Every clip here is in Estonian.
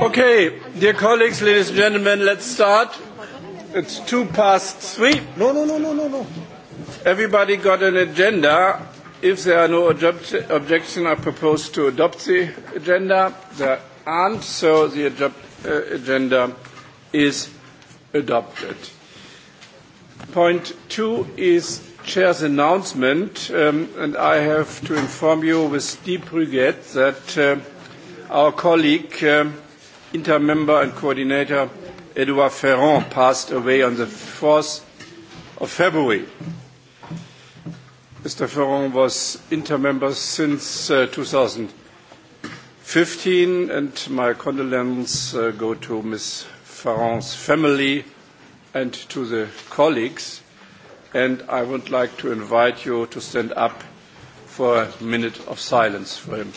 Okay, dear colleagues, ladies and gentlemen, let's start. It's two past three. No, no, no, no, no, no. Everybody got an agenda. If there are no object objection, I propose to adopt the agenda. There aren't, so the uh, agenda is adopted. Point two is Chair's announcement, um, and I have to inform you with deep regret that uh, our colleague, uh, um, intermember and coordinator Edouard Ferrand, passed away on the 4th of February. Mr. Ferrand was intermember since uh, 2015, and my condolences uh, go to Ms. Ferrand's family and to the colleagues and I would like to invite you to stand up for a minute of silence for him.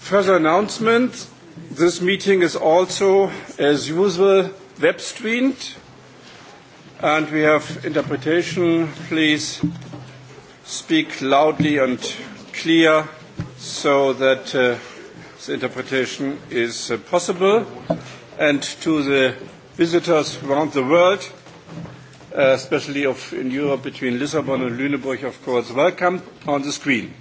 Further announcement. This meeting is also, as usual, web streamed, and we have interpretation. Please speak loudly and clear so that uh, the interpretation is uh, possible. And to the visitors around the world, uh, especially of, in Europe between Lisbon and Lüneburg, of course, welcome on the screen.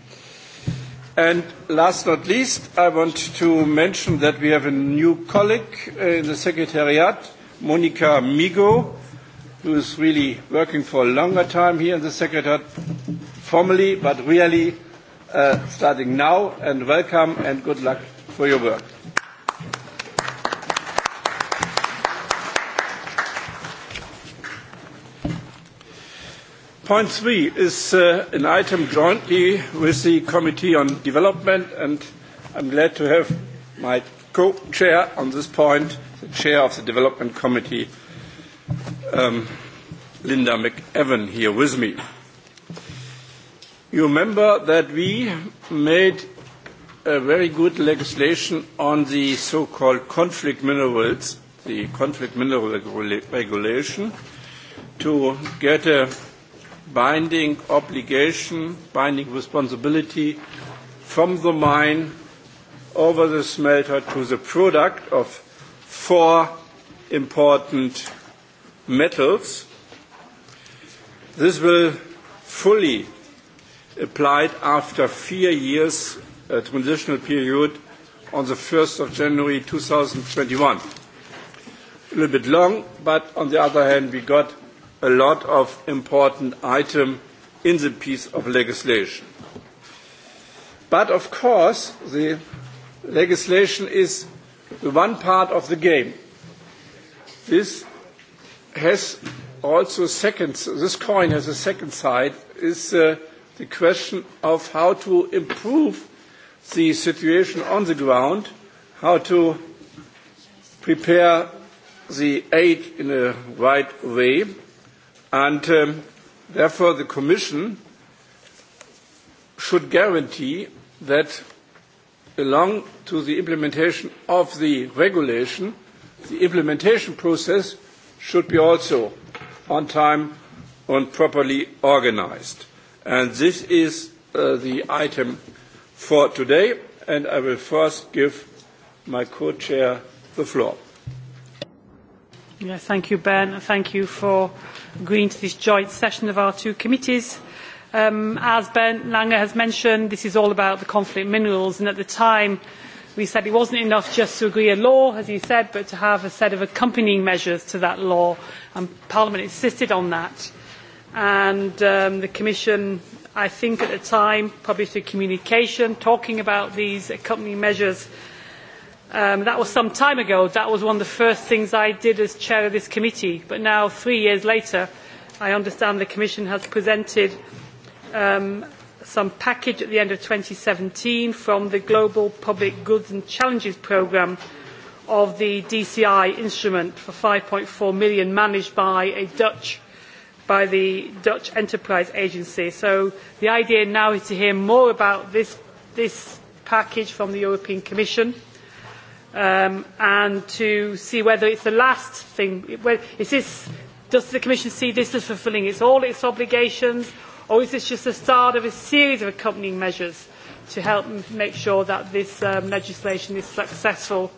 And last but not least, I want to mention that we have a new colleague in the Secretariat, Monica Migo, who is really working for a longer time here in the Secretariat, formally but really uh, starting now. And welcome and good luck for your work. Point three is uh, an item jointly with the Committee on Development, and I'm glad to have my co-chair on this point, the chair of the Development Committee, um, Linda McEwan, here with me. You remember that we made a very good legislation on the so-called conflict minerals, the conflict mineral regulation, to get a binding obligation, binding responsibility from the mine over the smelter to the product of four important metals. This will fully applied after four years a uh, transitional period on the 1st of January 2021. A little bit long, but on the other hand, we got a lot of important items in the piece of legislation. But of course, the legislation is the one part of the game. This has also second, this coin has a second side, is uh, the question of how to improve the situation on the ground, how to prepare the aid in a right way, And um, therefore, the Commission should guarantee that along to the implementation of the regulation, the implementation process should be also on time and properly organized. And this is uh, the item for today, and I will first give my co-chair the floor. Yeah, thank you, Ben. and Thank you for agreeing to this joint session of our two committees. Um, as Ben Lange has mentioned, this is all about the conflict minerals, and at the time we said it wasn't enough just to agree a law, as he said, but to have a set of accompanying measures to that law, and Parliament insisted on that. And um, the Commission, I think at the time, published a communication talking about these accompanying measures Um, that was some time ago. That was one of the first things I did as chair of this committee. But now, three years later, I understand the Commission has presented um, some package at the end of 2017 from the Global Public Goods and Challenges Programme of the DCI instrument for 5.4 million managed by a Dutch by the Dutch Enterprise Agency. So the idea now is to hear more about this, this package from the European Commission um, and to see whether it's the last thing. Is this, does the Commission see this as fulfilling its, all its obligations, or is this just the start of a series of accompanying measures to help make sure that this um, legislation is successful?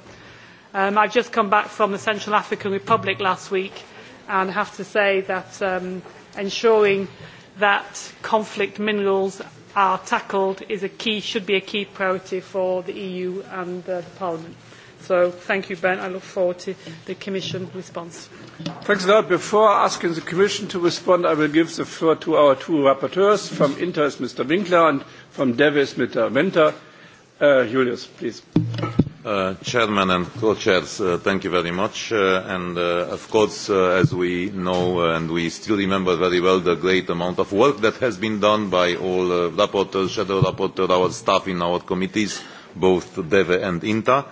Um, I've just come back from the Central African Republic last week and have to say that um, ensuring that conflict minerals are tackled is a key, should be a key priority for the EU and uh, the Parliament. So thank you, Ben. I look forward to the Commission response. Thanks a lot. Before asking the Commission to respond, I will give the floor to our two rapporteurs. From Inter is Mr. Winkler and from DEVE is Mr. Winter. Uh, Julius, please. Uh, Chairman and co-chairs, uh, thank you very much. Uh, and uh, of course, uh, as we know uh, and we still remember very well the great amount of work that has been done by all uh, rapporteurs, shadow rapporteurs, our staff in our committees, both DEVE and INTA. Uh,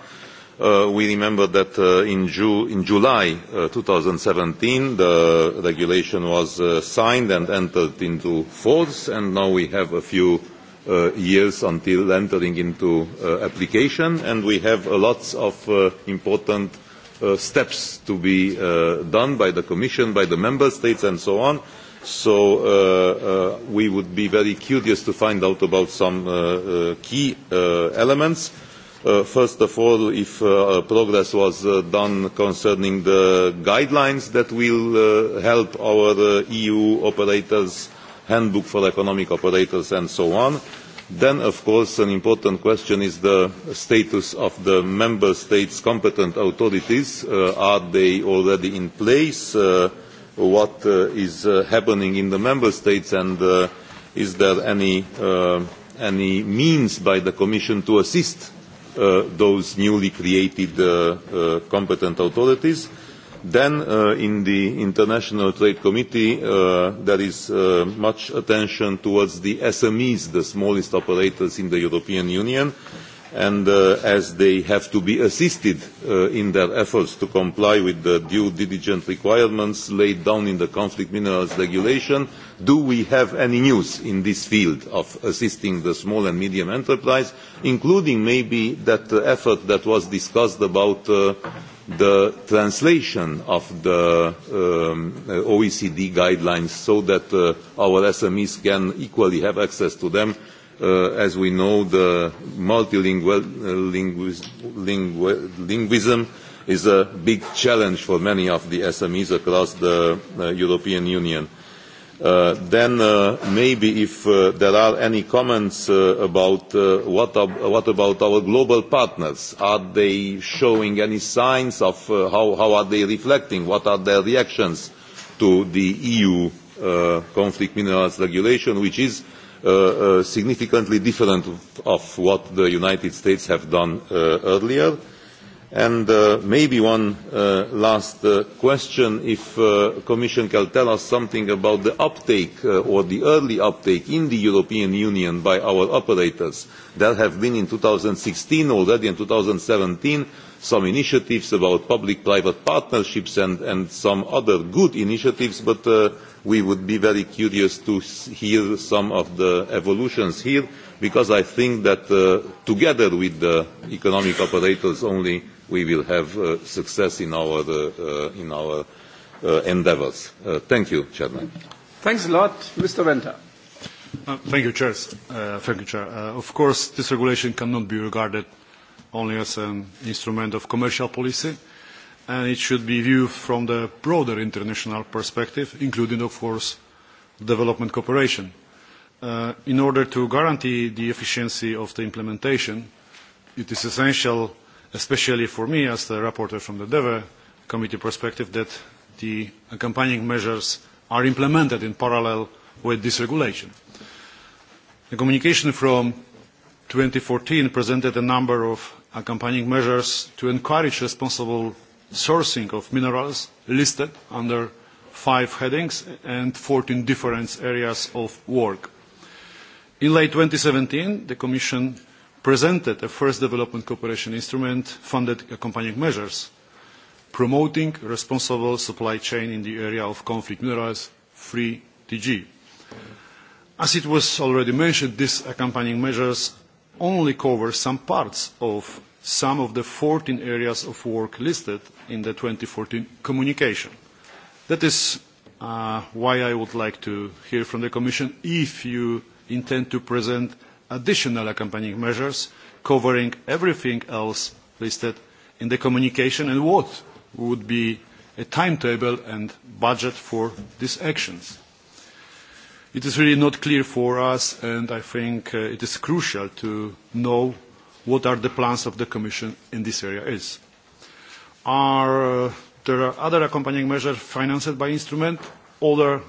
Uh, we remember that uh, in, Ju in July uh, 2017 the regulation was uh, signed and entered into force and now we have a few uh, years until entering into uh, application and we have uh, lots of uh, important uh, steps to be uh, done by the Commission, by the Member States and so on. So uh, uh, we would be very curious to find out about some uh, uh, key uh, elements. Uh, Uh, first of all, if uh, uh, progress was uh, done concerning the guidelines that will uh, help our uh, EU operators, handbook for economic operators and so on. Then, of course, an important question is the status of the member states' competent authorities. Uh, are they already in place? Uh, what uh, is uh, happening in the member states and uh, is there any, uh, any means by the Commission to assist uh, those newly created uh, uh, competent authorities. Then uh, in the International Trade Committee, uh, there is uh, much attention towards the SMEs, the smallest operators in the European Union. Uh, and uh, as they have to be assisted uh, in their efforts to comply with the due diligence requirements laid down in the conflict minerals regulation, do we have any news in this field of assisting the small and medium enterprise, including maybe that uh, effort that was discussed about uh, the translation of the um, uh, OECD guidelines so that uh, our SMEs can equally have access to them uh, as we know, the multilingual uh, linguis, lingu, linguism is a big challenge for many of the SMEs across the uh, European Union. Uh, then uh, maybe if uh, there are any comments uh, about uh, what, ab what about our global partners? Are they showing any signs of uh, how, how are they reflecting? What are their reactions to the EU uh, conflict minerals regulation, which is uh, uh, uh, significantly different of what the United States have done uh, earlier. And uh, maybe one uh, last uh, question, if uh, Commission can tell us something about the uptake uh, or the early uptake in the European Union by our operators. There have been in 2016 already and 2017 some initiatives about public private partnerships and, and some other good initiatives but uh, we would be very curious to hear some of the evolutions here because i think that uh, together with the economic operators only we will have uh, success in our, uh, uh in our uh, endeavors. Uh, thank you, Chairman. Thanks a lot, Mr. Venter. Uh, thank you, Chair. Uh, thank you, Chair. Uh, of course, this regulation cannot be regarded only as an instrument of commercial policy, and it should be viewed from the broader international perspective, including, of course, development cooperation. Uh, in order to guarantee the efficiency of the implementation, it is essential, especially for me as the rapporteur from the DEVE committee perspective, that the accompanying measures are implemented in parallel with this regulation. The communication from 2014 presented a number of accompanying measures to encourage responsible sourcing of minerals listed under five headings and 14 different areas of work. In late 2017, the Commission presented a first development cooperation instrument funded accompanying measures promoting responsible supply chain in the area of conflict minerals, free TG. As it was already mentioned, these accompanying measures only cover some parts of some of the 14 areas of work listed in the 2014 communication. That is uh, why I would like to hear from the Commission if you intend to present additional accompanying measures covering everything else listed in the communication and what would be a timetable and budget for these actions it is really not clear for us, and I think uh, it is crucial to know what are the plans of the Commission in this area is. Are, uh, there are other accompanying measures financed by instrument other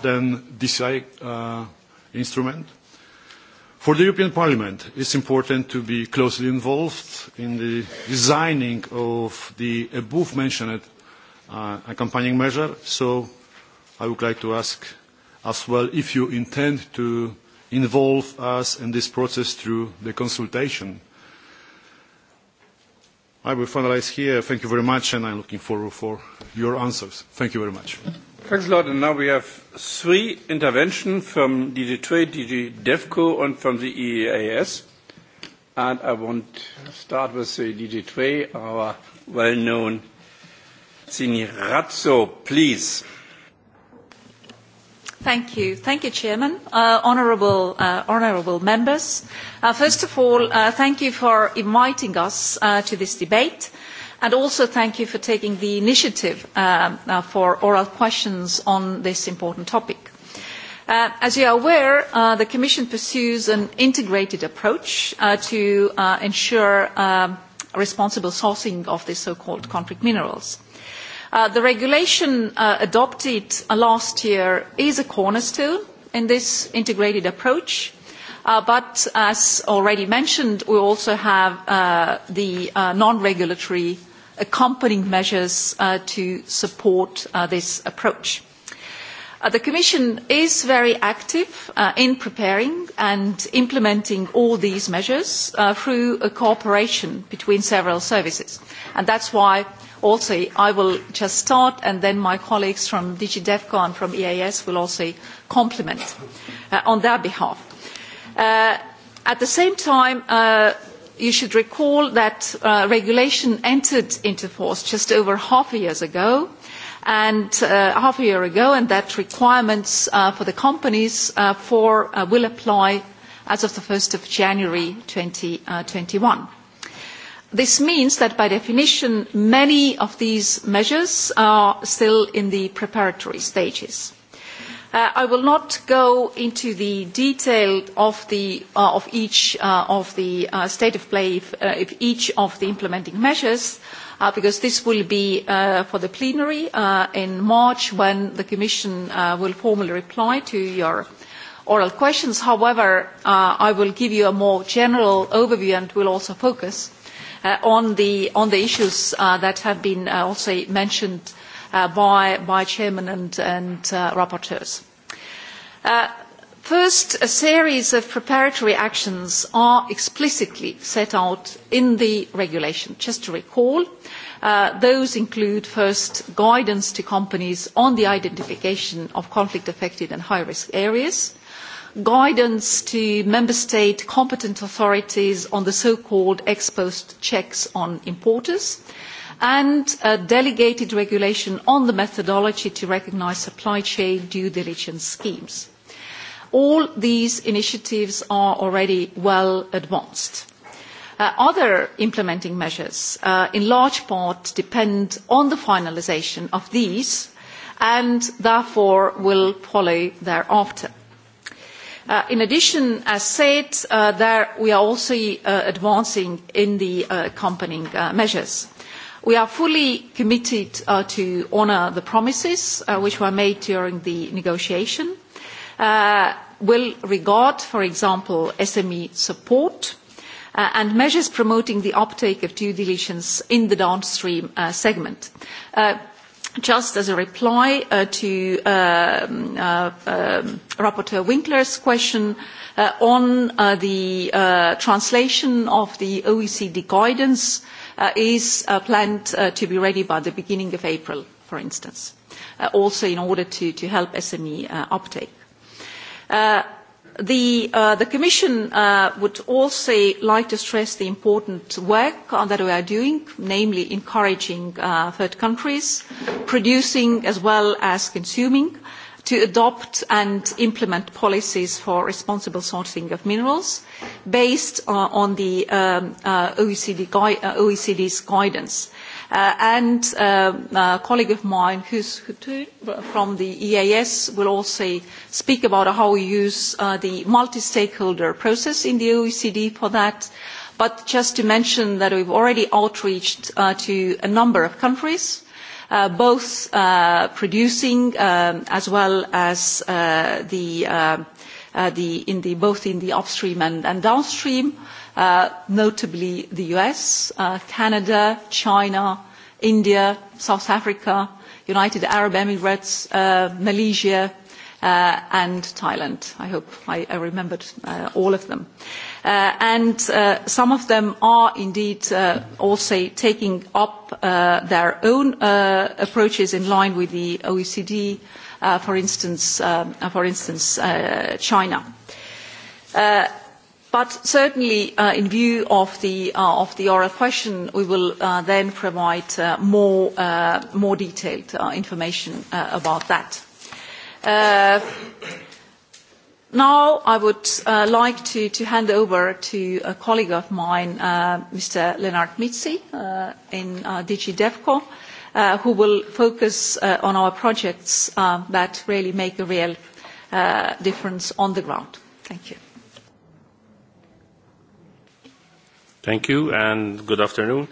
than this uh, instrument. For the European Parliament, it's important to be closely involved in the designing of the above-mentioned uh, accompanying measure, so I would like to ask as well if you intend to involve us in this process through the consultation. I will finalize here. Thank you very much, and I'm looking forward for your answers. Thank you very much. Thanks a lot. And now we have three interventions from DG Trade, DG DevCo, and from the EEAS. And I want to start with the DG Trade, our well-known Signorazzo, please. Thank you. Thank you, Chairman. Uh, honorable, uh, honorable members, uh, first of all, uh, thank you for inviting us uh, to this debate, and also thank you for taking the initiative um, uh, for oral questions on this important topic. Uh, as you are aware, uh, the Commission pursues an integrated approach uh, to uh, ensure um, responsible sourcing of the so-called conflict minerals. Uh, Uh, the regulation uh, adopted uh, last year is a cornerstone in this integrated approach. Uh, but as already mentioned, we also have uh, the uh, non-regulatory accompanying measures uh, to support uh, this approach. Uh, the Commission is very active uh, in preparing and implementing all these measures uh, through a cooperation between several services. And that's why also I will just start and then my colleagues from DG DEFCO and from EAS will also complement uh, on their behalf. Uh, at the same time, uh, you should recall that uh, regulation entered into force just over half a year ago and uh, half a year ago and that requirements uh, for the companies uh, for uh, will apply as of the 1st of January 2021. 20, uh, this means that by definition many of these measures are still in the preparatory stages. Uh, I will not go into the detail of, the, uh, of each uh, of the uh, state of play if, uh, if each of the implementing measures uh, because this will be uh, for the plenary uh, in March when the Commission uh, will formally reply to your oral questions. However, uh, I will give you a more general overview and will also focus uh, on, the, on the issues uh, that have been uh, also mentioned uh, by, by chairman and, and uh, rapporteurs. Uh, First, a series of preparatory actions are explicitly set out in the regulation. Just to recall, uh, those include first guidance to companies on the identification of conflict affected and high risk areas, guidance to member state competent authorities on the so-called ex post checks on importers and a delegated regulation on the methodology to recognise supply chain due diligence schemes. All these initiatives are already well advanced. Uh, other implementing measures uh, in large part depend on the finalisation of these and therefore will follow thereafter Uh, in addition, as said, uh, there we are also uh, advancing in the uh, accompanying uh, measures. We are fully committed uh, to honour the promises uh, which were made during the negotiation. Uh, will regard, for example, SME support uh, and measures promoting the uptake of due diligence in the downstream uh, segment. Uh, just as a reply uh, to uh, uh, um, Rapporteur Winkler's question uh, on uh, the uh, translation of the OECD guidance uh, is uh, planned uh, to be ready by the beginning of April, for instance, uh, also in order to, to help SME uh, uptake. Uh, The, uh, the Commission uh, would also like to stress the important work uh, that we are doing, namely encouraging uh, third countries, producing as well as consuming, to adopt and implement policies for responsible sourcing of minerals based uh, on the um, uh, OECD gui- uh, OECD's guidance. Uh, and uh, a colleague of mine who's from the EAS will also speak about how we use uh, the multi-stakeholder process in the OECD for that. But just to mention that we've already outreached uh, to a number of countries, uh, both uh, producing um, as well as uh, the, uh, uh, the, in the, both in the upstream and, and downstream. Uh, uh, notably the US, uh, Canada, China, India, South Africa, United Arab Emirates, uh, Malaysia, uh, and Thailand. I hope I, I remembered uh, all of them. Uh, and uh, some of them are indeed uh, also taking up uh, their own uh, approaches in line with the OECD, uh, for instance, um, uh, for instance uh, China. Uh, But certainly, uh, in view of the, uh, of the oral question, we will uh, then provide uh, more, uh, more detailed uh, information uh, about that. Uh, now I would uh, like to, to hand over to a colleague of mine, uh, Mr. Lennart Mitsi uh, in uh, DG DevCo, uh, who will focus uh, on our projects uh, that really make a real uh, difference on the ground. Thank you. Thank you and good afternoon.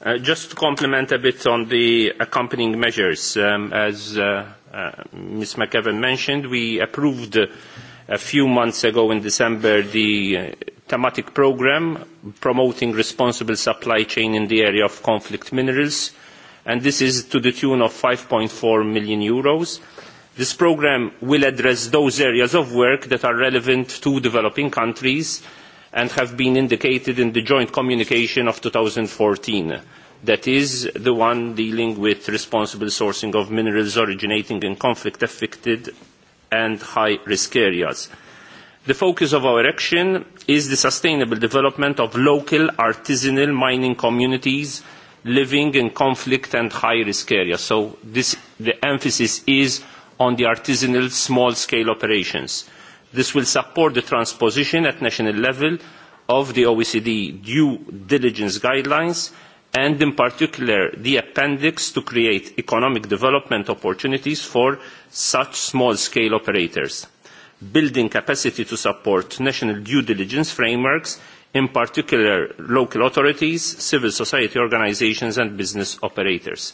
Uh, just to complement a bit on the accompanying measures, um, as uh, uh, Ms. McEwan mentioned, we approved a few months ago in December the uh, thematic program promoting responsible supply chain in the area of conflict minerals, and this is to the tune of 5.4 million euros. This program will address those areas of work that are relevant to developing countries, uh, and have been indicated in the joint communication of 2014, that is, the one dealing with responsible sourcing of minerals originating in conflict-affected and high-risk areas. The focus of our action is the sustainable development of local artisanal mining communities living in conflict and high-risk areas. So this, the emphasis is on the artisanal small-scale operations this will support the transposition at national level of the oecd due diligence guidelines and in particular the appendix to create economic development opportunities for such small scale operators building capacity to support national due diligence frameworks in particular local authorities civil society organisations and business operators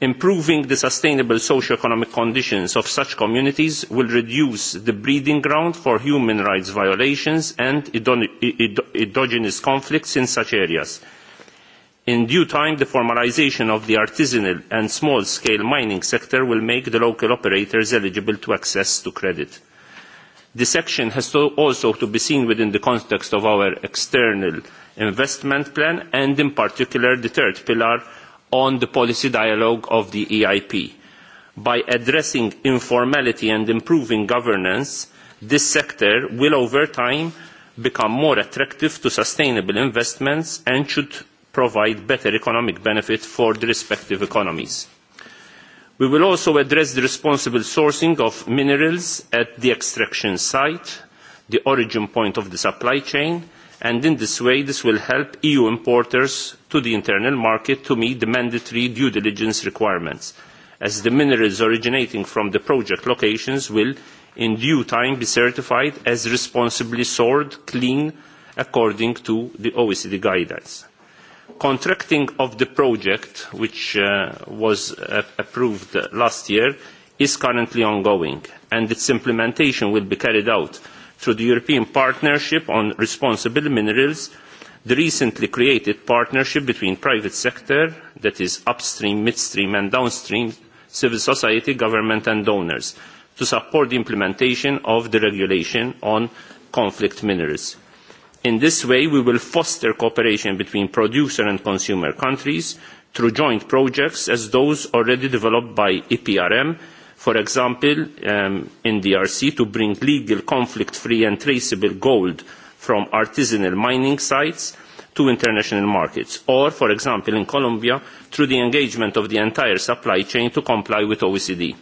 improving the sustainable socio economic conditions of such communities will reduce the breeding ground for human rights violations and endogenous conflicts in such areas. in due time the formalisation of the artisanal and small scale mining sector will make the local operators eligible to access to credit. this action has to also to be seen within the context of our external investment plan and in particular the third pillar on the policy dialogue of the EIP. By addressing informality and improving governance, this sector will over time become more attractive to sustainable investments and should provide better economic benefit for the respective economies. We will also address the responsible sourcing of minerals at the extraction site, the origin point of the supply chain, and in this way this will help eu importers to the internal market to meet the mandatory due diligence requirements as the minerals originating from the project locations will in due time be certified as responsibly sourced clean according to the oecd guidelines. contracting of the project which uh, was uh, approved last year is currently ongoing and its implementation will be carried out through the European Partnership on Responsible Minerals, the recently created partnership between private sector, that is upstream, midstream and downstream, civil society, government and donors, to support the implementation of the regulation on conflict minerals. In this way, we will foster cooperation between producer and consumer countries through joint projects as those already developed by EPRM for example um, in the DRC to bring legal conflict free and traceable gold from artisanal mining sites to international markets or for example in Colombia through the engagement of the entire supply chain to comply with OECD.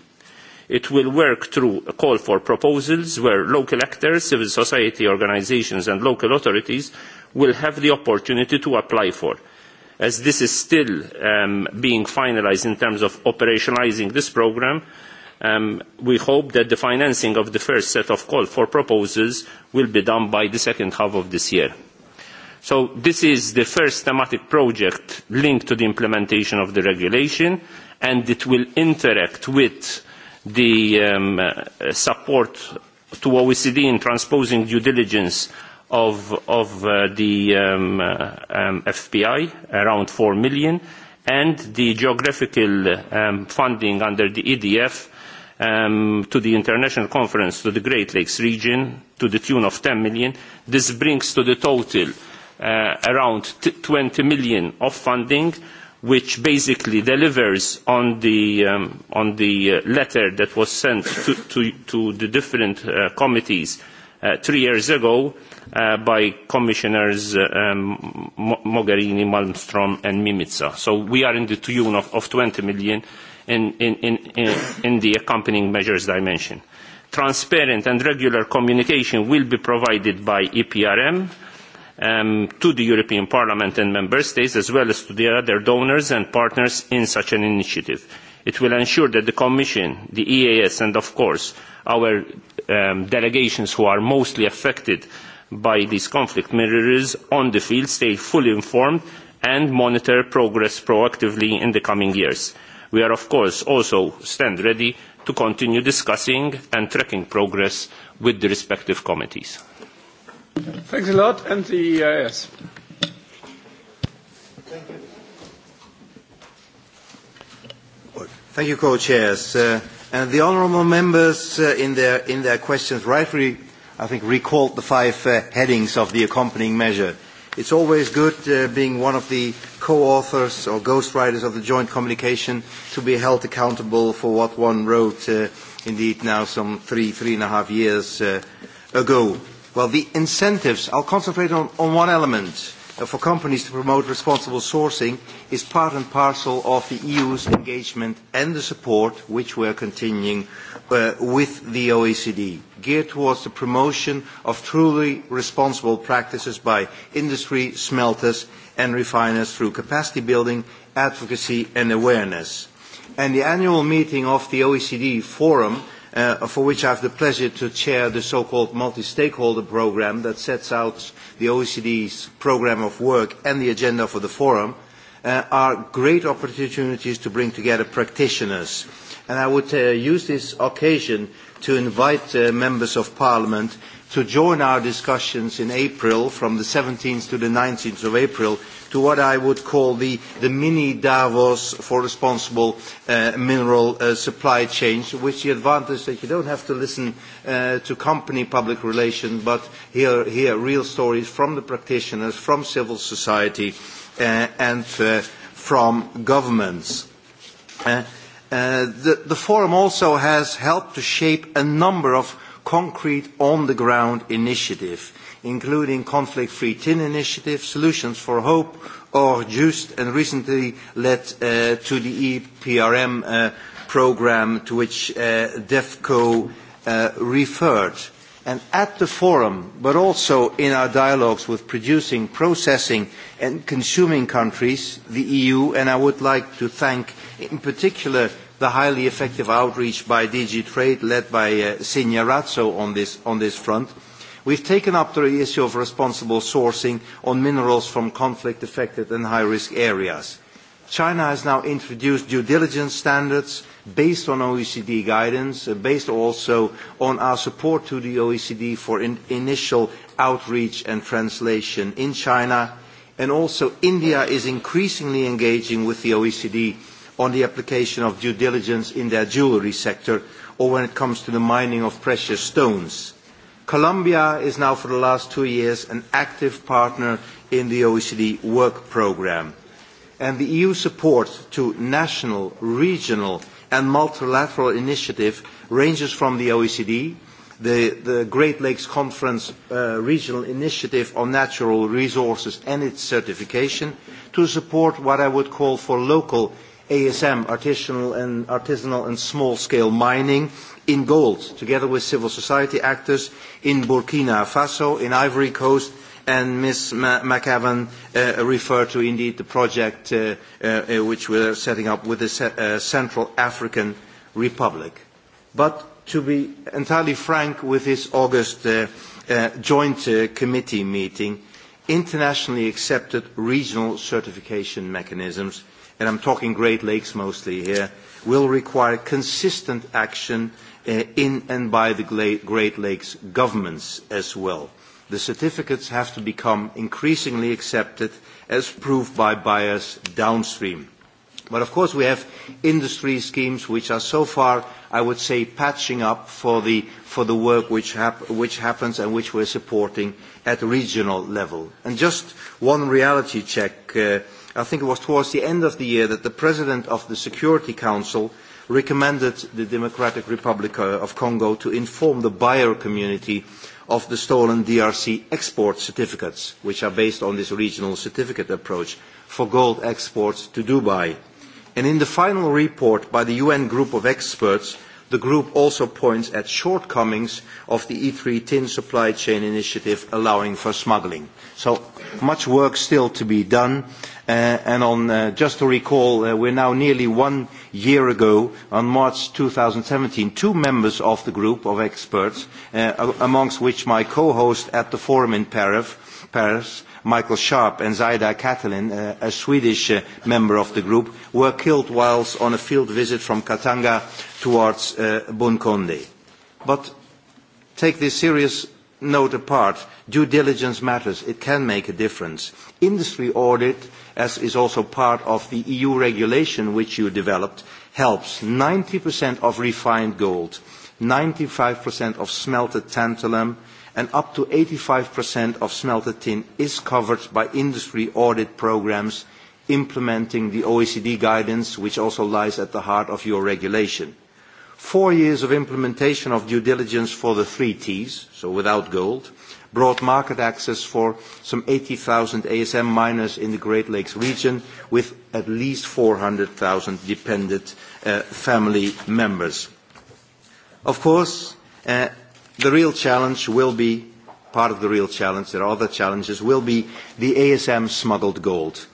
It will work through a call for proposals where local actors, civil society organisations and local authorities will have the opportunity to apply for. As this is still um, being finalised in terms of operationalising this programme, Um, we hope that the financing of the first set of call for proposals will be done by the second half of this year. So this is the first thematic project linked to the implementation of the regulation, and it will interact with the um, uh, support to OECD in transposing due diligence of, of uh, the um, uh, um, FPI, around 4 million, and the geographical um, funding under the EDF um, to the international conference to the Great Lakes region to the tune of 10 million. This brings to the total uh, around t 20 million of funding, which basically delivers on the, um, on the uh, letter that was sent to, to, to the different uh, committees uh, three years ago uh, by Commissioners uh, um, Mogherini, Malmström and Mimica. So we are in the tune of, of 20 million uh, in, in, in, in, in the accompanying measures dimension. Transparent and regular communication will be provided by EPRM um, to the European Parliament and Member States as well as to the other donors and partners in such an initiative. It will ensure that the Commission, the EAS and of course our um, delegations who are mostly affected by these conflict mirrors on the field stay fully informed and monitor progress proactively in the coming years we are of course also stand ready to continue discussing and tracking progress with the respective committees. Thanks a lot and the uh, EIS. Thank you. Thank you, co-chairs. Uh, and the honourable members uh, in, their, in their questions rightly, I think, recalled the five uh, headings of the accompanying measure It's always good uh, being one of the co-authors or ghostwriters of the joint communication to be held accountable for what one wrote uh, indeed now some three, three and a half years uh, ago. Well, the incentives, I'll concentrate on, on one element Uh, for companies to promote responsible sourcing is part and parcel of the EU's engagement and the support which we are continuing uh, with the OECD, geared towards the promotion of truly responsible practices by industry, smelters and refiners through capacity building, advocacy and awareness. And the annual meeting of the OECD Forum uh, for which I have the pleasure to chair the so-called multi-stakeholder program that sets out the OECD's program of work and the agenda for the forum, uh, are great opportunities to bring together practitioners. And I would uh, use this occasion to invite uh, members of parliament to join our discussions in April from the 17th to the 19th of April to what I would call the, the mini Davos for responsible uh, mineral uh, supply chains, which the advantage that you don't have to listen uh, to company public relations, but hear, hear real stories from the practitioners, from civil society, uh, and uh, from governments. Uh, uh, the, the forum also has helped to shape a number of concrete on-the-ground initiatives including conflict-free tin initiative, solutions for hope, or just and recently led uh, to the EPRM uh, program to which uh, DEFCO uh, referred. And at the forum, but also in our dialogues with producing, processing and consuming countries, the EU, and I would like to thank in particular the highly effective outreach by DG Trade led by uh, Signorazzo on this, on this front, uh, We've taken up the issue of responsible sourcing on minerals from conflict-affected and high-risk areas. China has now introduced due diligence standards based on OECD guidance, uh, based also on our support to the OECD for in initial outreach and translation in China. And also India is increasingly engaging with the OECD on the application of due diligence in their jewelry sector or when it comes to the mining of precious stones. Colombia is now for the last two years an active partner in the OECD work programme. And the EU support to national, regional and multilateral initiative ranges from the OECD, the, the Great Lakes Conference uh, Regional Initiative on Natural Resources and its certification, to support what I would call for local ASM, artisanal and, artisanal and small-scale mining, in gold, together with civil society actors in Burkina Faso, in Ivory Coast, and Ms. McAvan uh, referred to indeed the project uh, uh, uh which we are setting up with the C uh, Central African Republic. But to be entirely frank with this August uh, uh, joint uh, committee meeting, internationally accepted regional certification mechanisms – and I'm talking Great Lakes mostly here, will require consistent action uh, in and by the Great Lakes governments as well. The certificates have to become increasingly accepted as proved by buyers downstream. But of course we have industry schemes which are so far, I would say, patching up for the, for the work which, hap which happens and which we're supporting at regional level. And just one reality check uh, I think it was towards the end of the year that the President of the Security Council recommended the Democratic Republic uh, of Congo to inform the buyer community of the stolen DRC export certificates, which are based on this regional certificate approach for gold exports to Dubai. And in the final report by the UN group of experts, the group also points at shortcomings of the E3 tin supply chain initiative allowing for smuggling. So much work still to be done. Uh, and on, uh, just to recall, uh, we're now nearly one year ago, on March 2017, two members of the group of experts, uh, amongst which my co-host at the forum in Paris, Paris Michael Sharp and Zaida Catalin, uh, a Swedish uh, member of the group, were killed whilst on a field visit from Katanga towards uh, Bunkonde. But take this serious note apart. Due diligence matters. It can make a difference. Industry audit, as is also part of the EU regulation which you developed, helps. 90% of refined gold, 95% of smelted tantalum, and up to 85% of smelted tin is covered by industry audit programs implementing the OECD guidance, which also lies at the heart of your regulation. Four years of implementation of due diligence for the three Ts, so without gold, brought market access for some 80,000 ASM miners in the Great Lakes region, with at least 400,000 dependent uh, family members. Of course, uh, the real challenge will be, part of the real challenge, there are other challenges, will be the ASM smuggled gold.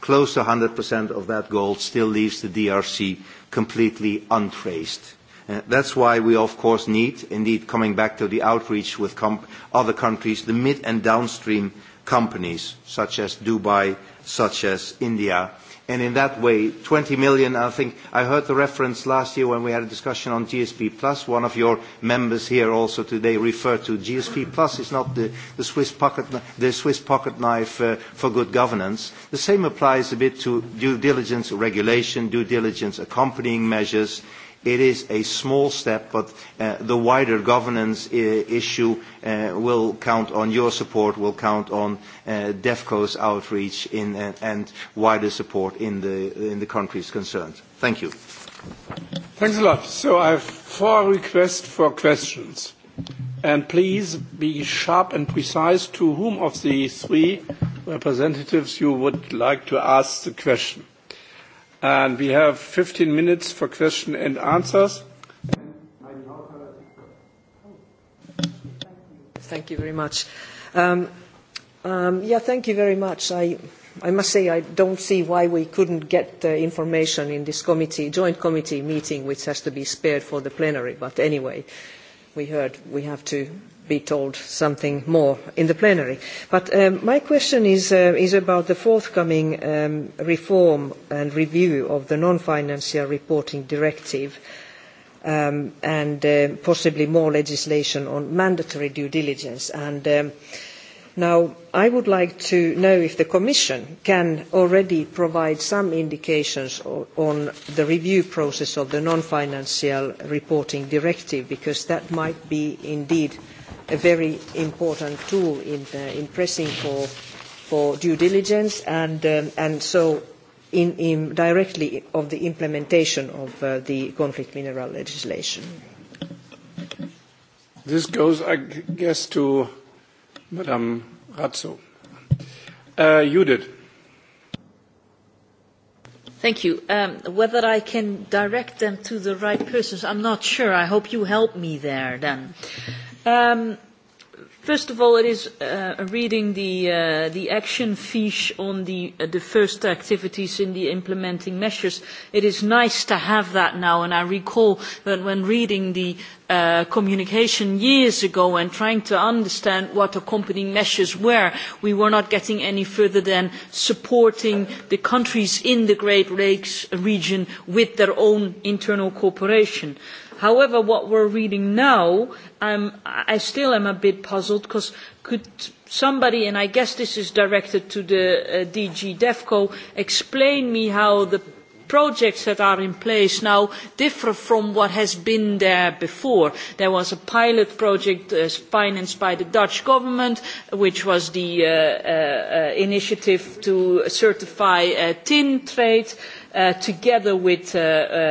Close to 100% of that gold still leaves the DRC completely untraced. Uh, that's why we, of course, need, indeed, coming back to the outreach with comp- other countries, the mid and downstream companies, such as Dubai, such as India, and in that way, 20 million, I think I heard the reference last year when we had a discussion on GSP Plus. One of your members here also today referred to GSP Plus is not the, the, Swiss, pocket, the Swiss pocket knife uh, for good governance. The same applies a bit to due diligence regulation, due diligence accompanying measures, uh, It is a small step, but uh, the wider governance uh, issue uh, will count on your support, will count on uh, DEFCO's outreach in, uh, and wider support in the, in the countries concerned. Thank you. Thanks a lot. So I have four requests for questions. And please be sharp and precise to whom of the three representatives you would like to ask the question and we have 15 minutes for question and answers. Thank you very much. Um, um, yeah, thank you very much. I, I must say I don't see why we couldn't get the information in this committee, joint committee meeting, which has to be spared for the plenary. But anyway, we heard we have to be told something more in the plenary. But um, my question is, uh, is about the forthcoming um, reform and review of the non-financial reporting directive um, and uh, possibly more legislation on mandatory due diligence. And um, now I would like to know if the Commission can already provide some indications on the review process of the non-financial reporting directive because that might be indeed uh, a very important tool in, uh, in pressing for, for due diligence and, um, and so in, in directly of the implementation of uh, the conflict mineral legislation. This goes, I guess, to Madame Razzo. Uh, Judith. Thank you. Um, whether I can direct them to the right persons, I'm not sure. I hope you help me there then. Uh, Um, First of all, it is uh, reading the, uh, the action fiche on the, uh, the first activities in the implementing measures. It is nice to have that now, and I recall that when reading the uh, communication years ago and trying to understand what accompanying measures were, we were not getting any further than supporting the countries in the Great Lakes region with their own internal cooperation. Uh, However, what we're reading now, I'm, I still am a bit puzzled because could somebody, and I guess this is directed to the uh, DG DEFCO, explain me how the projects that are in place now differ from what has been there before. There was a pilot project uh, financed by the Dutch government, which was the uh, uh, uh initiative to certify uh, tin trade. Uh, uh, together with, uh,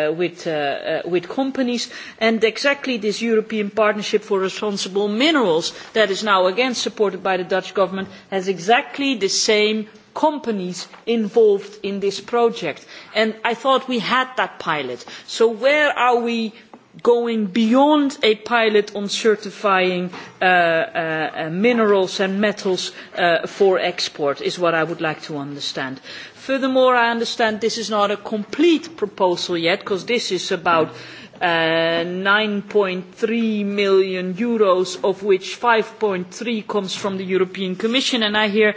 uh, with, uh, uh, with companies. And exactly this European Partnership for Responsible Minerals that is now again supported by the Dutch government has exactly the same companies involved in this project. And I thought we had that pilot. So where are we going beyond a pilot on certifying uh, uh, uh minerals and metals uh, for export is what I would like to understand. Furthermore, I understand this is not a complete proposal yet, because this is about uh, 9.3 million euros, of which 5.3 comes from the European Commission, and I hear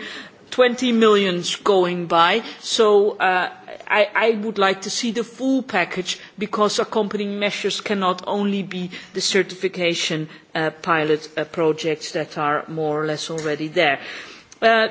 20 million going by. So uh, I, I would like to see the full package, because accompanying measures cannot only be the certification uh, pilot uh, projects that are more or less already there. Uh,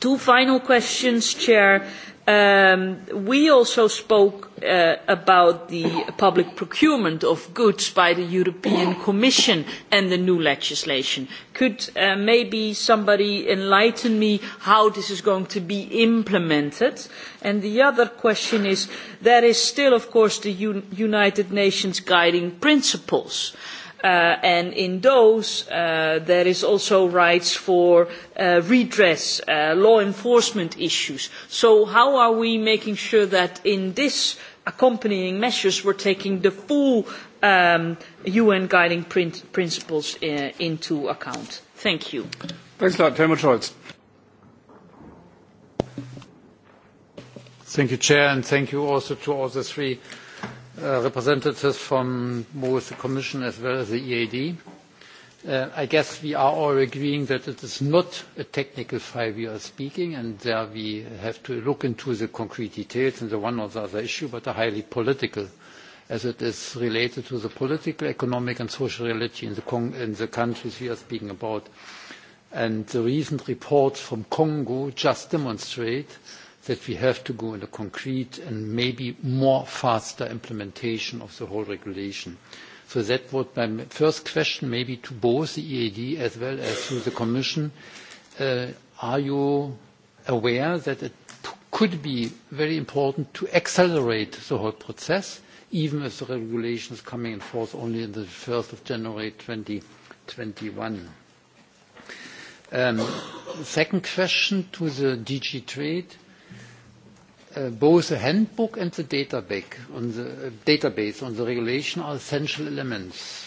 Two final questions, Chair. Um, we also spoke uh, about the public procurement of goods by the European Commission and the new legislation. Could uh, maybe somebody enlighten me how this is going to be implemented? And the other question is, there is still, of course, the Un United Nations guiding principles. Uh, Uh, and in those, uh, there is also rights for uh, redress, uh, law enforcement issues. So how are we making sure that in this accompanying measures, we're taking the full um, UN guiding prin principles uh, into account? Thank you. Thanks a lot. Helmut Scholz. Thank you, Chair, and thank you also to all the three uh, uh, representatives from both the Commission as well as the EAD. Uh, I guess we are all agreeing that it is not a technical file we are speaking, and there we have to look into the concrete details and the one or the other issue, but a highly political, as it is related to the political, economic, and social reality in the, Cong in the countries we are speaking about. And the recent reports from Congo just demonstrate uh, that we have to go into concrete and maybe more faster implementation of the whole regulation. So that would be my first question, maybe to both the EAD as well as to the Commission. Uh, are you aware that it could be very important to accelerate the whole process, even if the regulation is coming in force only on the 1st of January 2021? Um, second question to the DG Trade. Äh, both the handbook and the äh, database on the regulation are essential elements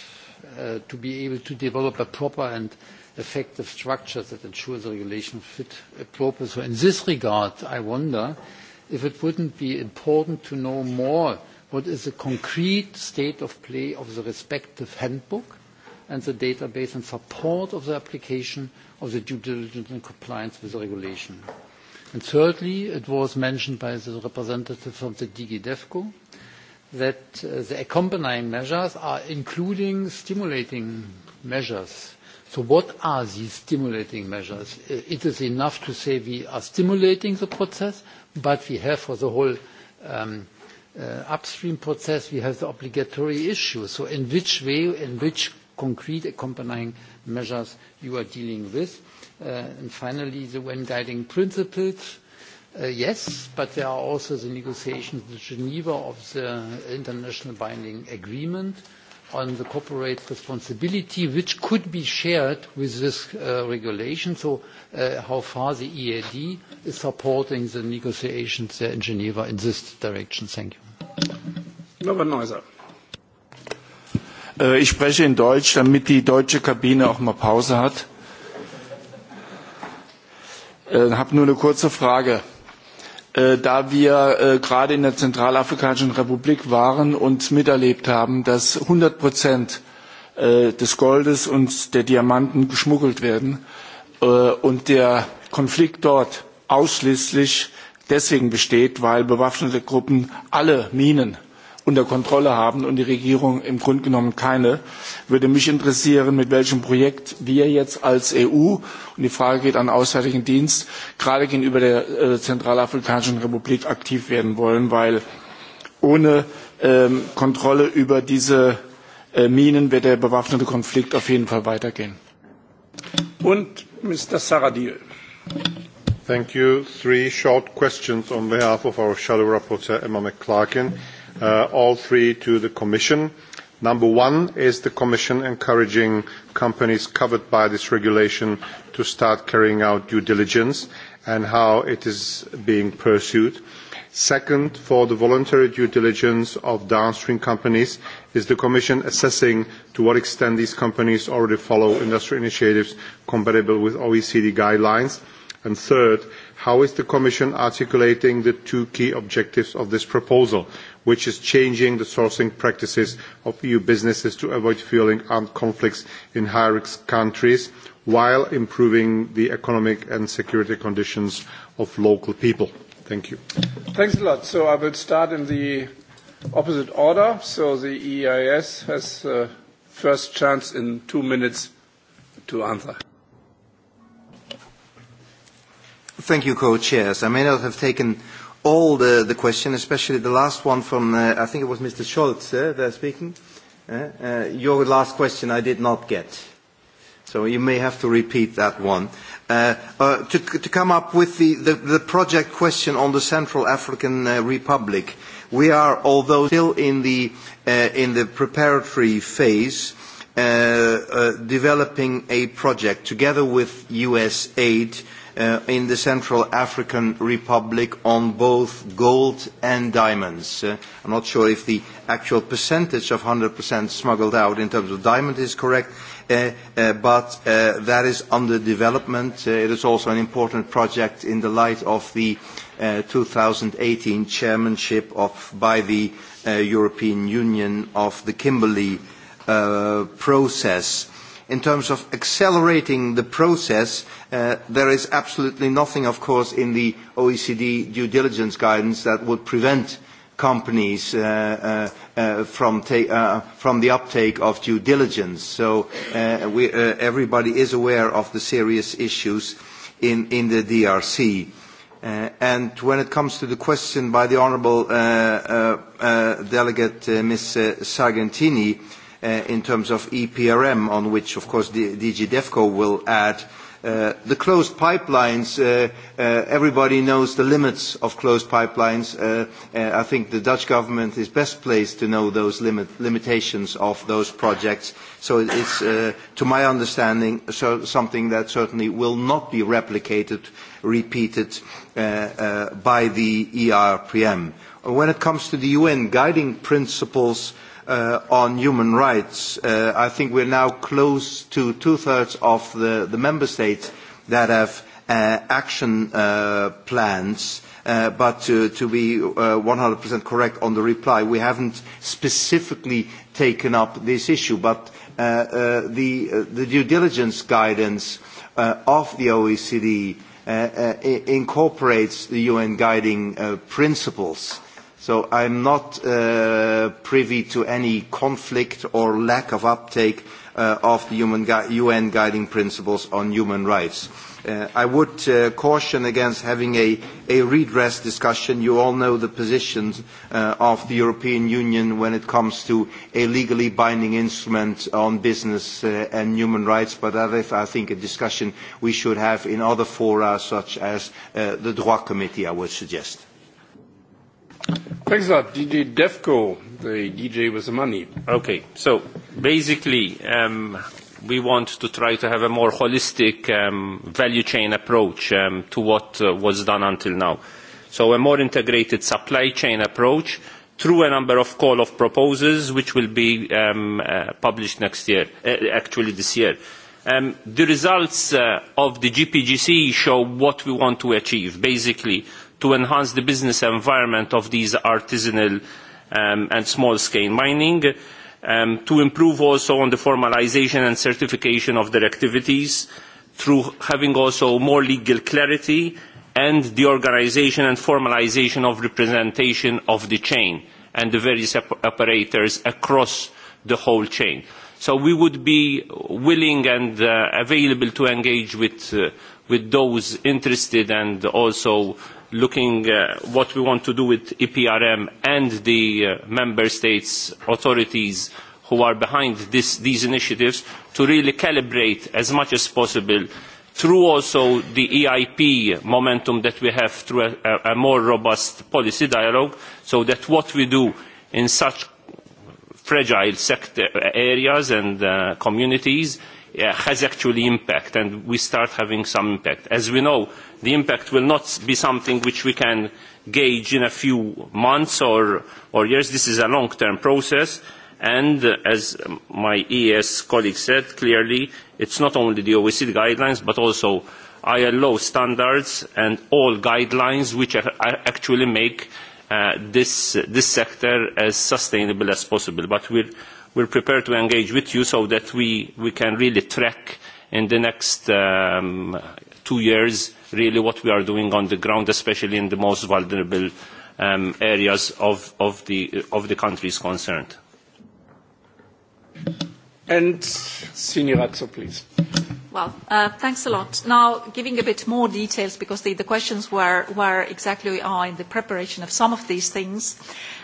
uh, to be able to develop a proper and effective structure that ensures the regulation fit proper. So in this regard, I wonder if it wouldn't be important to know more what is the concrete state of play of the respective handbook and the database in support of the application of the due diligence and compliance with the regulation. And thirdly, it was mentioned by the representative from the DG DevCo that uh, the accompanying measures are including stimulating measures. So what are these stimulating measures? It is enough to say we are stimulating the process, but we have for the whole um, uh, upstream process, we have the obligatory issue. So in which way, in which concrete accompanying measures you are dealing with? Uh, and finally, the UN Guiding Principles. Uh, yes, but there are also the negotiations in Geneva of the international binding agreement on the corporate responsibility, which could be shared with this uh, regulation. So, uh, how far the EAD is supporting the negotiations there in Geneva in this direction. Thank you. Norbert Neuser. Äh, ich spreche in Deutsch, damit die deutsche Kabine auch mal Pause hat äh, habe nur eine kurze Frage. Äh, da wir äh, gerade in der Zentralafrikanischen Republik waren und miterlebt haben, dass 100 Prozent äh, des Goldes und der Diamanten geschmuggelt werden äh, und der Konflikt dort ausschließlich deswegen besteht, weil bewaffnete Gruppen alle Minen unter Kontrolle haben und die Regierung im Grunde genommen keine. Würde mich interessieren, mit welchem Projekt wir jetzt als EU, und die Frage geht an den Auswärtigen Dienst, gerade gegenüber der äh, Zentralafrikanischen Republik aktiv werden wollen, weil ohne ähm, Kontrolle über diese äh, Minen wird der bewaffnete Konflikt auf jeden Fall weitergehen. Und Mr. Saradil. Thank you. Three short questions on behalf of our shadow rapporteur Emma McClarkin. Mm -hmm uh, all three to the Commission. Number one is the Commission encouraging companies covered by this regulation to start carrying out due diligence and how it is being pursued. Second, for the voluntary due diligence of downstream companies, is the Commission assessing to what extent these companies already follow industrial initiatives compatible with OECD guidelines? And third, how is the Commission articulating the two key objectives of this proposal, which is changing the sourcing practices of EU businesses to avoid fueling armed conflicts in high-risk countries while improving the economic and security conditions of local people? Thank you. Thanks a lot. So I will start in the opposite order. So the EIS has uh, first chance in two minutes to answer. Thank you, co-chairs. I may not have taken all the, the question, especially the last one from, uh, I think it was Mr. Scholz uh, there speaking. Uh, uh, your last question I did not get. So you may have to repeat that one. Uh, uh, to, to come up with the, the, the project question on the Central African uh, Republic, we are, although still in the, uh, in the preparatory phase, uh, uh, developing a project together with US aid uh, uh, in the Central African Republic on both gold and diamonds. Uh, I'm not sure if the actual percentage of 100% smuggled out in terms of diamond is correct, uh, uh, but uh, that is under development. Uh, it is also an important project in the light of the uh, 2018 chairmanship of, by the uh, European Union of the Kimberley uh, process in terms of accelerating the process, uh, there is absolutely nothing, of course, in the OECD due diligence guidance that would prevent companies uh, uh, uh, from, ta- uh, from the uptake of due diligence. So uh, we, uh, everybody is aware of the serious issues in, in the DRC. And when it comes to the question by the honorable delegate, Ms. Sargentini, uh, in terms of EPRM, on which, of course, the DG DEFCO will add. Uh, the closed pipelines, uh, uh, everybody knows the limits of closed pipelines. Uh, uh, I think the Dutch government is best placed to know those limit, limitations of those projects. So it's, uh, to my understanding, so something that certainly will not be replicated, repeated uh, uh, by the ERPM. When it comes to the UN guiding principles, uh, uh, on human rights. Uh, I think we're now close to two-thirds of the, the member states that have uh, action uh, plans. Uh, but to, to be uh, 100% correct on the reply, we haven't specifically taken up this issue, but uh, uh, the, uh, the due diligence guidance uh, of the OECD uh, uh, incorporates the UN guiding uh, principles. Uh, So I'm not uh, privy to any conflict or lack of uptake uh, of the human gu UN guiding principles on human rights. Uh, I would uh, caution against having a, a redress discussion. You all know the positions uh, of the European Union when it comes to a legally binding instrument on business uh, and human rights, but that is, I think, a discussion we should have in other fora, such as uh, the Droit Committee, I would suggest. Thanks a lot, DJ Defco, the DJ with the money. Okay, so basically, um, we want to try to have a more holistic um, value chain approach um, to what uh, was done until now. So a more integrated supply chain approach through a number of call of proposals which will be um, uh, published next year, uh, actually this year. Um, the results uh, of the GPGC show what we want to achieve. Basically, uh, to enhance the business environment of these artisanal um, and small-scale mining, um, to improve also on the formalization and certification of their activities through having also more legal clarity and the organization and formalization of representation of the chain and the various op operators across the whole chain. So we would be willing and uh, available to engage with, uh, with those interested and also looking uh, what we want to do with EPRM and the uh, member states authorities who are behind this, these initiatives to really calibrate as much as possible through also the EIP momentum that we have through a, a more robust policy dialogue so that what we do in such fragile sector areas and uh, communities uh, has actually impact and we start having some impact. As we know, the impact will not be something which we can gauge in a few months or, or years. This is a long-term process and uh, as my ES colleague said clearly, it's not only the OECD guidelines but also ILO standards and all guidelines which are, are actually make uh, uh, this, this sector as sustainable as possible. But we're, we're prepared to engage with you so that we, we can really track in the next um, two years really what we are doing on the ground, especially in the most vulnerable um, areas of, of, the, of the countries concerned. And Senior Razzo, please. Well, uh, thanks a lot. Now, giving a bit more details, because the, the questions were, were exactly are uh, in the preparation of some of these things.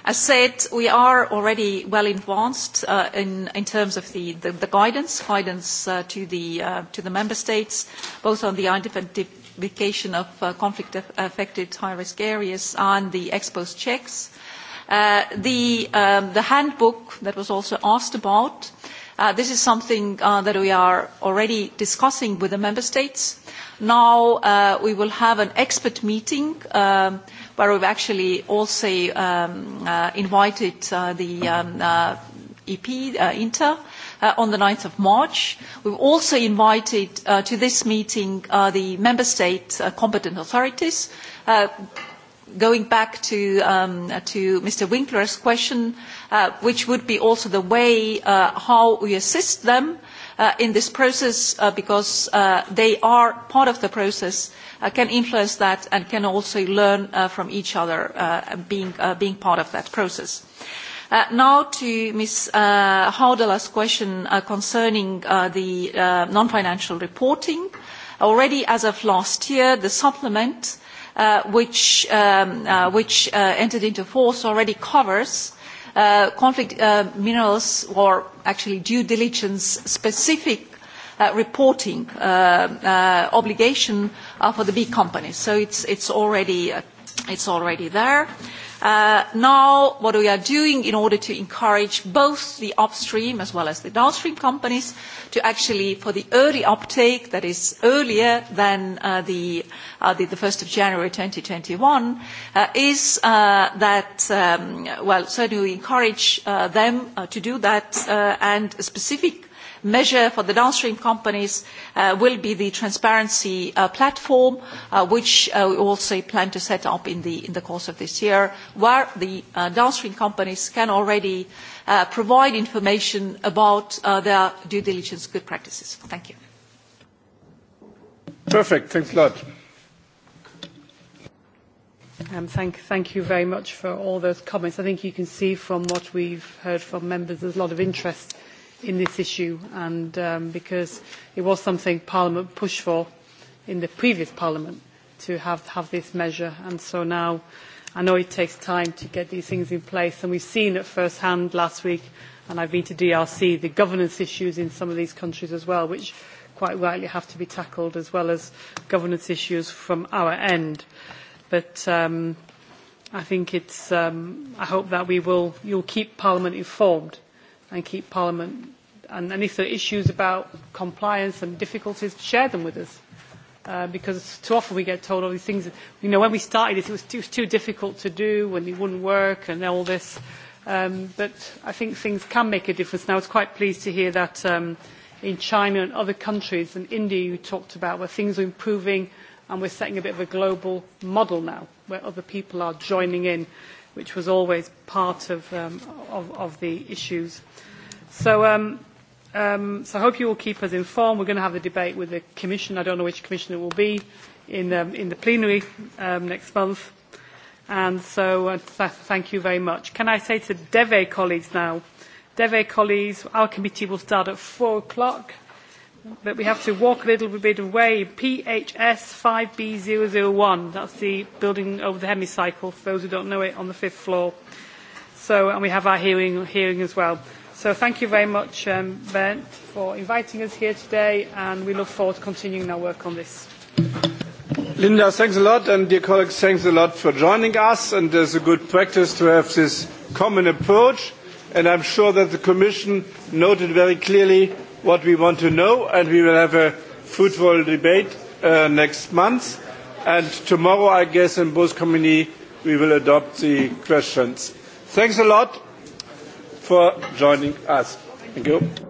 As said, we are already well advanced uh, in, in terms of the, the, the guidance, guidance uh, to, the, uh, to the member states, both on the identification of uh, conflict-affected high-risk areas and the ex-post checks. Uh, the, um, the handbook that was also asked about, uh, Uh, this is something uh, that we are already discussing with the member states. Now uh, we will have an expert meeting um, where we've actually also um, uh, invited uh, the um, uh, EP, uh, Inter, uh, on the 9th of March. We've also invited uh, to this meeting uh, the member state uh, competent authorities. Uh, going back to, um, to Mr. Winkler's question, uh, uh, which would be also the way uh, how we assist them uh, in this process uh, because uh, they are part of the process, uh, can influence that and can also learn uh, from each other uh, being, uh, being part of that process. Uh, now to Ms. Uh, Haudela's question uh, concerning uh, the uh, non-financial reporting. Already as of last year, the supplement uh, which, um, uh, which uh, entered into force already covers uh, conflict uh, minerals or actually due diligence specific uh, reporting uh, uh, obligation uh, for the big companies. So it's, it's, already, uh, it's already there. Uh, Uh, now, what we are doing in order to encourage both the upstream as well as the downstream companies to actually, for the early uptake, that is earlier than uh, the, uh, the, the 1st of January 2021, uh, is uh, that, um, well, certainly we encourage uh, them uh, to do that uh, and a specific measure for the downstream companies uh, will be the transparency uh, platform, uh, which uh, we also plan to set up in the, in the course of this year, where the uh, downstream companies can already uh, provide information about uh, their due diligence good practices. Thank you. Perfect. Thanks a lot. Um, thank, thank you very much for all those comments. I think you can see from what we've heard from members, there's a lot of interest in this issue, and um, because it was something Parliament pushed for in the previous Parliament to have, have this measure, and so now I know it takes time to get these things in place, and we've seen at first hand last week, and I've been to DRC, the governance issues in some of these countries as well, which quite rightly have to be tackled, as well as governance issues from our end. But um, I think it's, um, I hope that we will, you'll keep Parliament informed and keep Parliament and, and if there are issues about compliance and difficulties, share them with us. Uh, because too often we get told all these things. You know, when we started this, it was too, it was too difficult to do, and it wouldn't work, and all this. Um, but I think things can make a difference. And I was quite pleased to hear that um, in China and other countries, and India you talked about, where things are improving, and we're setting a bit of a global model now, where other people are joining in which was always part of, um, of, of the issues. So, um, um, so I hope you will keep us informed. We're going to have the debate with the Commission. I don't know which Commission it will be in, um, in the plenary um, next month. And so uh, th- thank you very much. Can I say to DEVE colleagues now, DEVE colleagues, our committee will start at 4 o'clock that we have to walk a little bit away. PHS 5B001, that's the building over the hemicycle, for those who don't know it, on the fifth floor. So, and we have our hearing, hearing as well. So thank you very much, um, Ben, for inviting us here today, and we look forward to continuing our work on this. Linda, thanks a lot, and dear colleagues, thanks a lot for joining us. And it's a good practice to have this common approach. And I'm sure that the Commission noted very clearly what we want to know, and we will have a fruitful debate uh, next month. And tomorrow, I guess, in both committee, we will adopt the questions. Thanks a lot for joining us. Thank you.